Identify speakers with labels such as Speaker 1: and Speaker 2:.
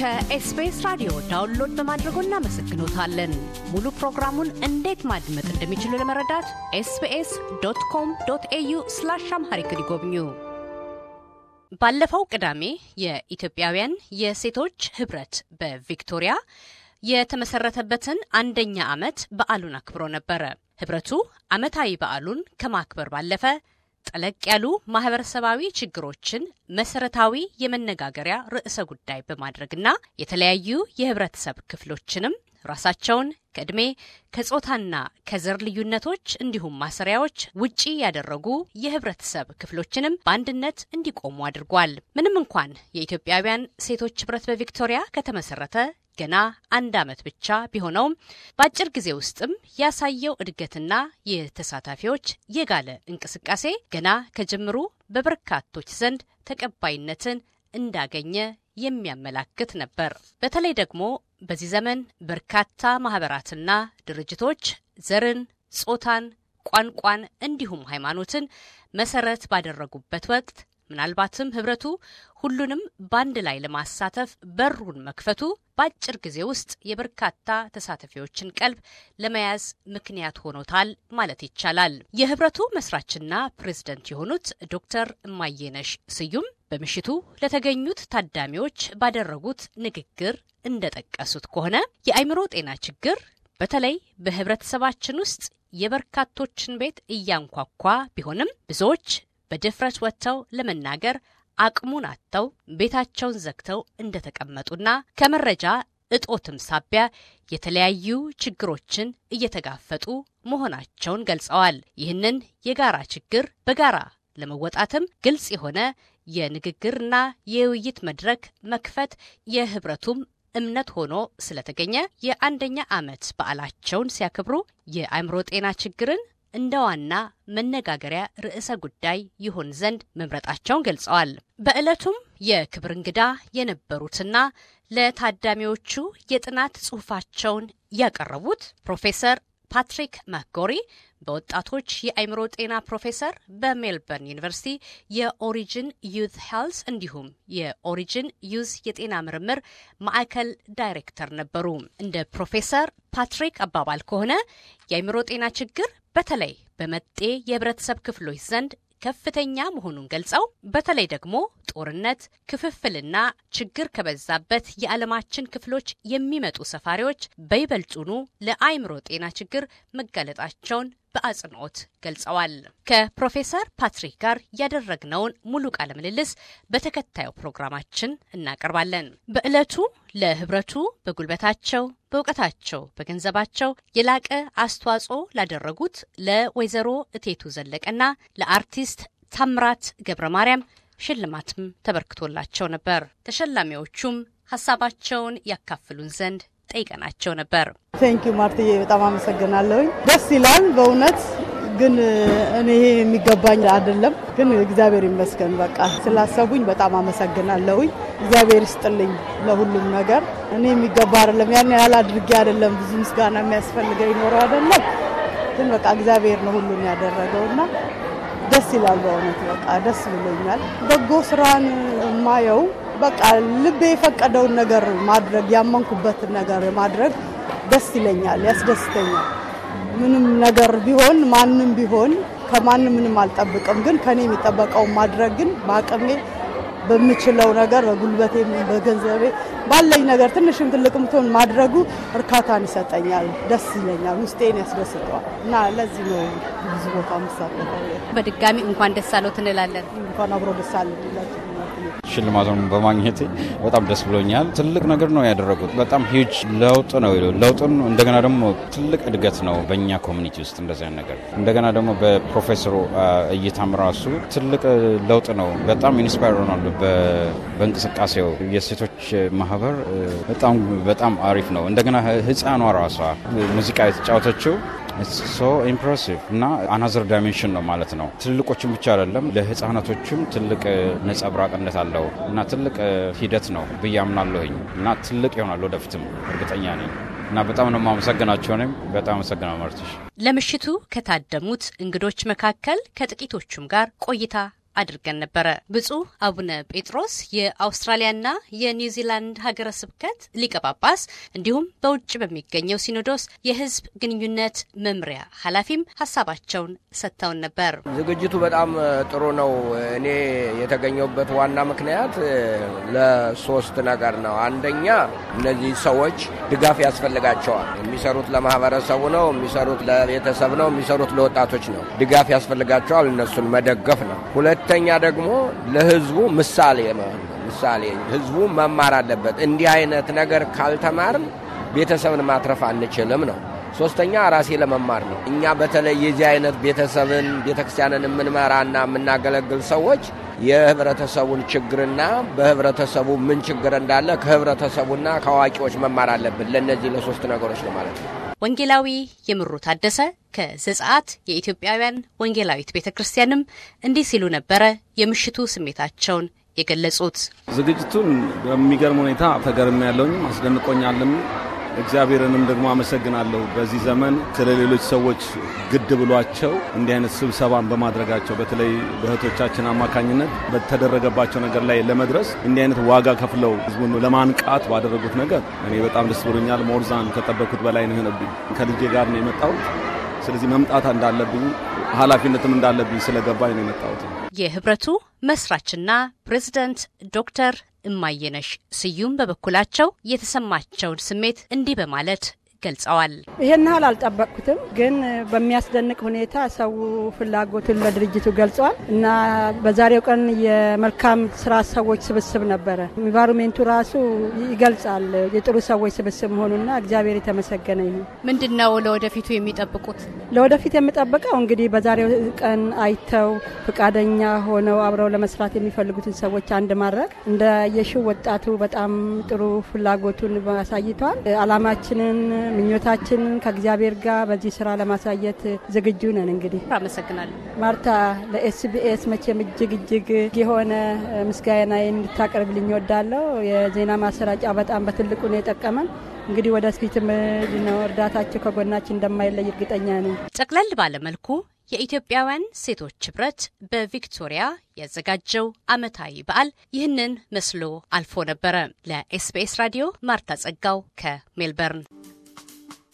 Speaker 1: ከኤስቢኤስ ራዲዮ ዳውንሎድ በማድረጎ እናመሰግኖታለን። ሙሉ ፕሮግራሙን እንዴት ማድመጥ እንደሚችሉ ለመረዳት ኤስቢኤስ ዶት ኮም ዶት ኤዩ ስላሽ አምሃሪክ ይጎብኙ። ባለፈው ቅዳሜ የኢትዮጵያውያን የሴቶች ህብረት በቪክቶሪያ የተመሰረተበትን አንደኛ ዓመት በዓሉን አክብሮ ነበረ። ህብረቱ ዓመታዊ በዓሉን ከማክበር ባለፈ ጠለቅ ያሉ ማህበረሰባዊ ችግሮችን መሰረታዊ የመነጋገሪያ ርዕሰ ጉዳይ በማድረግና የተለያዩ የህብረተሰብ ክፍሎችንም ራሳቸውን ከእድሜ ከጾታና ከዘር ልዩነቶች እንዲሁም ማሰሪያዎች ውጪ ያደረጉ የህብረተሰብ ክፍሎችንም በአንድነት እንዲቆሙ አድርጓል። ምንም እንኳን የኢትዮጵያውያን ሴቶች ህብረት በቪክቶሪያ ከተመሰረተ ገና አንድ ዓመት ብቻ ቢሆነውም በአጭር ጊዜ ውስጥም ያሳየው እድገትና የተሳታፊዎች የጋለ እንቅስቃሴ ገና ከጅምሩ በበርካቶች ዘንድ ተቀባይነትን እንዳገኘ የሚያመላክት ነበር። በተለይ ደግሞ በዚህ ዘመን በርካታ ማህበራትና ድርጅቶች ዘርን፣ ጾታን፣ ቋንቋን እንዲሁም ሃይማኖትን መሰረት ባደረጉበት ወቅት ምናልባትም ህብረቱ ሁሉንም በአንድ ላይ ለማሳተፍ በሩን መክፈቱ በአጭር ጊዜ ውስጥ የበርካታ ተሳታፊዎችን ቀልብ ለመያዝ ምክንያት ሆኖታል ማለት ይቻላል። የህብረቱ መስራችና ፕሬዝደንት የሆኑት ዶክተር ማየነሽ ስዩም በምሽቱ ለተገኙት ታዳሚዎች ባደረጉት ንግግር እንደጠቀሱት ከሆነ የአእምሮ ጤና ችግር በተለይ በህብረተሰባችን ውስጥ የበርካቶችን ቤት እያንኳኳ ቢሆንም ብዙዎች በድፍረት ወጥተው ለመናገር አቅሙን አጥተው ቤታቸውን ዘግተው እንደተቀመጡና ከመረጃ እጦትም ሳቢያ የተለያዩ ችግሮችን እየተጋፈጡ መሆናቸውን ገልጸዋል። ይህንን የጋራ ችግር በጋራ ለመወጣትም ግልጽ የሆነ የንግግርና የውይይት መድረክ መክፈት የህብረቱም እምነት ሆኖ ስለተገኘ የአንደኛ ዓመት በዓላቸውን ሲያከብሩ የአእምሮ ጤና ችግርን እንደ ዋና መነጋገሪያ ርዕሰ ጉዳይ ይሆን ዘንድ መምረጣቸውን ገልጸዋል። በዕለቱም የክብር እንግዳ የነበሩትና ለታዳሚዎቹ የጥናት ጽሑፋቸውን ያቀረቡት ፕሮፌሰር ፓትሪክ ማክጎሪ በወጣቶች የአእምሮ ጤና ፕሮፌሰር በሜልበርን ዩኒቨርሲቲ የኦሪጅን ዩዝ ሄልስ እንዲሁም የኦሪጅን ዩዝ የጤና ምርምር ማዕከል ዳይሬክተር ነበሩ። እንደ ፕሮፌሰር ፓትሪክ አባባል ከሆነ የአእምሮ ጤና ችግር በተለይ በመጤ የህብረተሰብ ክፍሎች ዘንድ ከፍተኛ መሆኑን ገልጸው በተለይ ደግሞ ጦርነት፣ ክፍፍልና ችግር ከበዛበት የዓለማችን ክፍሎች የሚመጡ ሰፋሪዎች በይበልጡኑ ለአይምሮ ጤና ችግር መጋለጣቸውን በአጽንኦት ገልጸዋል። ከፕሮፌሰር ፓትሪክ ጋር ያደረግነውን ሙሉ ቃለ ምልልስ በተከታዩ ፕሮግራማችን እናቀርባለን። በዕለቱ ለህብረቱ በጉልበታቸው፣ በእውቀታቸው፣ በገንዘባቸው የላቀ አስተዋጽኦ ላደረጉት ለወይዘሮ እቴቱ ዘለቀና ለአርቲስት ታምራት ገብረ ማርያም ሽልማትም ተበርክቶላቸው ነበር። ተሸላሚዎቹም ሀሳባቸውን ያካፍሉን ዘንድ ጠይቀናቸው ነበር። ቴንኪዩ ማርትዬ፣ በጣም አመሰግናለሁኝ። ደስ ይላል በእውነት ግን እኔ የሚገባኝ አይደለም። ግን እግዚአብሔር ይመስገን በቃ ስላሰቡኝ በጣም አመሰግናለሁኝ። እግዚአብሔር ይስጥልኝ ለሁሉም ነገር። እኔ የሚገባ አይደለም፣ ያን ያህል አድርጌ አይደለም። ብዙ ምስጋና የሚያስፈልገ ይኖረው አይደለም። ግን በቃ እግዚአብሔር ነው ሁሉም ያደረገውና ደስ ይላል በእውነት በቃ ደስ ብሎኛል። በጎ ስራን የማየው በቃ ልቤ የፈቀደውን ነገር ማድረግ ያመንኩበትን ነገር ማድረግ ደስ ይለኛል፣ ያስደስተኛል። ምንም ነገር ቢሆን ማንም ቢሆን ከማንም ምንም አልጠብቅም፣ ግን ከኔ የሚጠበቀው ማድረግ ግን በአቅሜ በምችለው ነገር በጉልበቴ፣ በገንዘቤ ባለኝ ነገር ትንሽም ትልቅም ትሆን ማድረጉ እርካታን ይሰጠኛል፣ ደስ ይለኛል፣ ውስጤን ያስደስተዋል እና ለዚህ ነው ብዙ ቦታ ምሳለ። በድጋሚ እንኳን ደስ አለዎት እንላለን። እንኳን አብሮ ደስ አለ። ሽልማቱን በማግኘት በጣም ደስ ብሎኛል። ትልቅ ነገር ነው ያደረጉት። በጣም ሂውጅ ለውጥ ነው። ለውጡን እንደገና ደግሞ ትልቅ እድገት ነው በእኛ ኮሚኒቲ ውስጥ እንደዚያ ነገር እንደገና ደግሞ በፕሮፌሰሩ እይታም ራሱ ትልቅ ለውጥ ነው። በጣም ኢንስፓየር ሆናሉ በእንቅስቃሴው የሴቶች ማህበር በጣም በጣም አሪፍ ነው። እንደገና ህፃኗ ራሷ ሙዚቃ የተጫወተችው ሶ ኢምፕሬሲቭ እና አናዘር ዳይሜንሽን ነው ማለት ነው። ትልልቆችም ብቻ አይደለም ለህፃናቶችም ትልቅ ነጸብራቅነት አለው እና ትልቅ ሂደት ነው ብዬ አምናለሁኝ እና ትልቅ ይሆናል ወደፊትም እርግጠኛ ነኝ እና በጣም ነው የማመሰግናቸው። እኔም በጣም አመሰግናለሁ ማርትሽ። ለምሽቱ ከታደሙት እንግዶች መካከል ከጥቂቶቹም ጋር ቆይታ አድርገን ነበረ። ብፁዕ አቡነ ጴጥሮስ የአውስትራሊያና የኒውዚላንድ ሀገረ ስብከት ሊቀ ጳጳስ እንዲሁም በውጭ በሚገኘው ሲኖዶስ የሕዝብ ግንኙነት መምሪያ ኃላፊም ሀሳባቸውን ሰጥተውን ነበር። ዝግጅቱ በጣም ጥሩ ነው። እኔ የተገኘሁበት ዋና ምክንያት ለሶስት ነገር ነው። አንደኛ እነዚህ ሰዎች ድጋፍ ያስፈልጋቸዋል። የሚሰሩት ለማህበረሰቡ ነው፣ የሚሰሩት ለቤተሰብ ነው፣ የሚሰሩት ለወጣቶች ነው። ድጋፍ ያስፈልጋቸዋል። እነሱን መደገፍ ነው። ሁለተኛ ደግሞ ለህዝቡ ምሳሌ ነው። ምሳሌ ህዝቡ መማር አለበት። እንዲህ አይነት ነገር ካልተማርን ቤተሰብን ማትረፍ አንችልም ነው። ሶስተኛ ራሴ ለመማር ነው። እኛ በተለይ የዚህ አይነት ቤተሰብን ቤተክርስቲያንን የምንመራና የምናገለግል ሰዎች የህብረተሰቡን ችግርና በህብረተሰቡ ምን ችግር እንዳለ ከህብረተሰቡና ከአዋቂዎች መማር አለብን። ለእነዚህ ለሶስት ነገሮች ነው ማለት ነው። ወንጌላዊ የምሩ ታደሰ ከዘጸአት የኢትዮጵያውያን ወንጌላዊት ቤተ ክርስቲያንም እንዲህ ሲሉ ነበረ የምሽቱ ስሜታቸውን የገለጹት። ዝግጅቱን በሚገርም ሁኔታ ተገርሜ ያለውኝም አስደንቆኛልም እግዚአብሔርንም ደግሞ አመሰግናለሁ በዚህ ዘመን ስለ ሌሎች ሰዎች ግድ ብሏቸው እንዲህ አይነት ስብሰባን በማድረጋቸው በተለይ በእህቶቻችን አማካኝነት በተደረገባቸው ነገር ላይ ለመድረስ እንዲህ አይነት ዋጋ ከፍለው ህዝቡን ለማንቃት ባደረጉት ነገር እኔ በጣም ደስ ብሎኛል። ሞርዛን ከጠበኩት በላይ ነው የሆነብኝ። ከልጄ ጋር ነው የመጣሁት። ስለዚህ መምጣት እንዳለብኝ ኃላፊነትም እንዳለብኝ ስለገባኝ ነው የመጣሁት። የህብረቱ መስራችና ፕሬዚደንት ዶክተር እማየነሽ ስዩም በበኩላቸው የተሰማቸውን ስሜት እንዲህ በማለት ገልጸዋል። ይህን ያህል አልጠበቅኩትም፣ ግን በሚያስደንቅ ሁኔታ ሰው ፍላጎቱን ለድርጅቱ ገልጿል እና በዛሬው ቀን የመልካም ስራ ሰዎች ስብስብ ነበረ። ኢንቫይሮሜንቱ ራሱ ይገልጻል የጥሩ ሰዎች ስብስብ መሆኑና እግዚአብሔር የተመሰገነ ይሁን። ምንድን ነው ለወደፊቱ የሚጠብቁት? ለወደፊት የምጠብቀው እንግዲህ በዛሬው ቀን አይተው ፈቃደኛ ሆነው አብረው ለመስራት የሚፈልጉትን ሰዎች አንድ ማድረግ እንደ ወጣቱ በጣም ጥሩ ፍላጎቱን አሳይቷል። አላማችንን ምኞታችንን ከእግዚአብሔር ጋር በዚህ ስራ ለማሳየት ዝግጁ ነን። እንግዲህ አመሰግናለሁ ማርታ። ለኤስቢኤስ መቼም እጅግ እጅግ የሆነ ምስጋናዬን እንድታቀርብልኝ ወዳለው የዜና ማሰራጫ በጣም በትልቁ ነው የጠቀመን። እንግዲህ ወደፊትም ነው እርዳታቸው ከጎናችን እንደማይለይ እርግጠኛ ነኝ። ጠቅለል ባለመልኩ የኢትዮጵያውያን ሴቶች ህብረት በቪክቶሪያ ያዘጋጀው አመታዊ በዓል ይህንን መስሎ አልፎ ነበረ። ለኤስቢኤስ ራዲዮ ማርታ ጸጋው ከሜልበርን